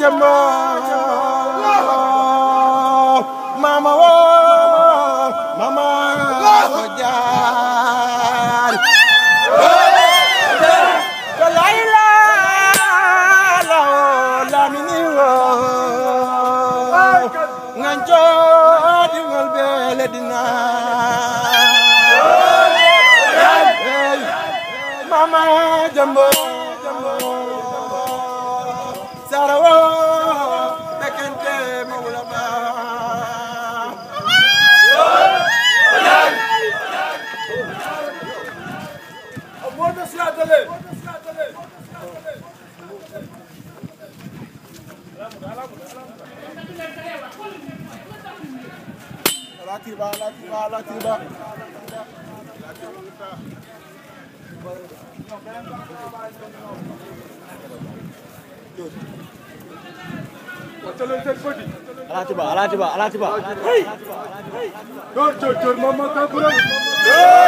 jëmmoo mama woo mama ko jaar ko lay la la la mi ni woo nga joo di ngol beele dina mama jëmmoo Latiba, Latiba, Latiba. Latiba, Latiba, Latiba. Hey! Dur, dur, dur, mama kapıra. Hey!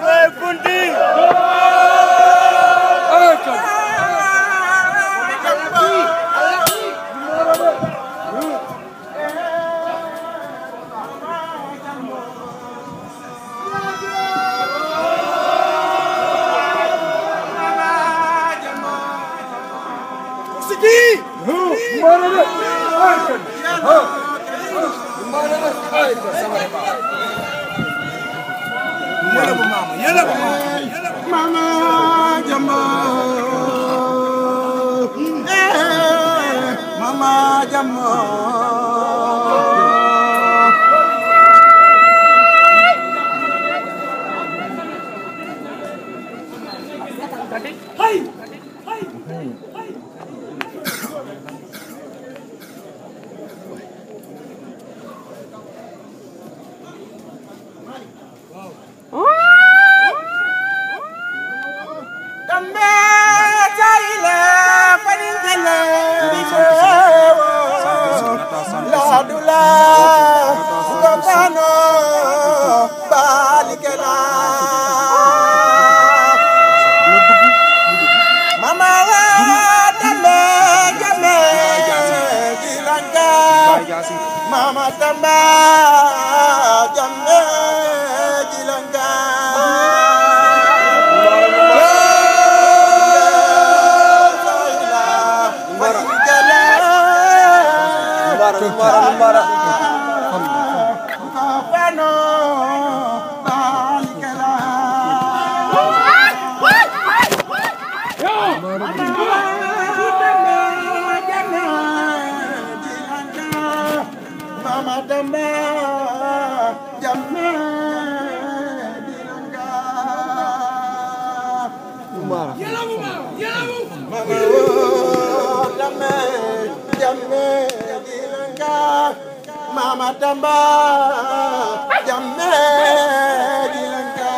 Sıdîk! mama, mama! Mama jamba! Eh, mama jamba! Jamba Jamba Jilanga Mara, mara, mara. mama tamba jamme dilanka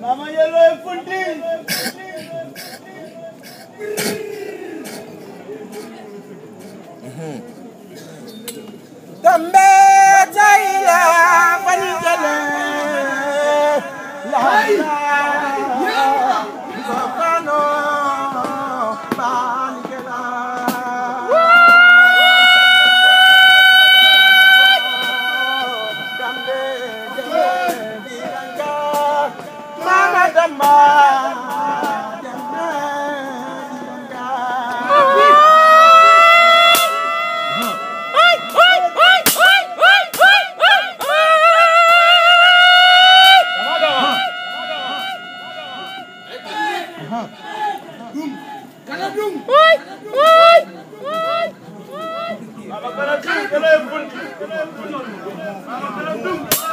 Mama yellow funding. ¡Vamos,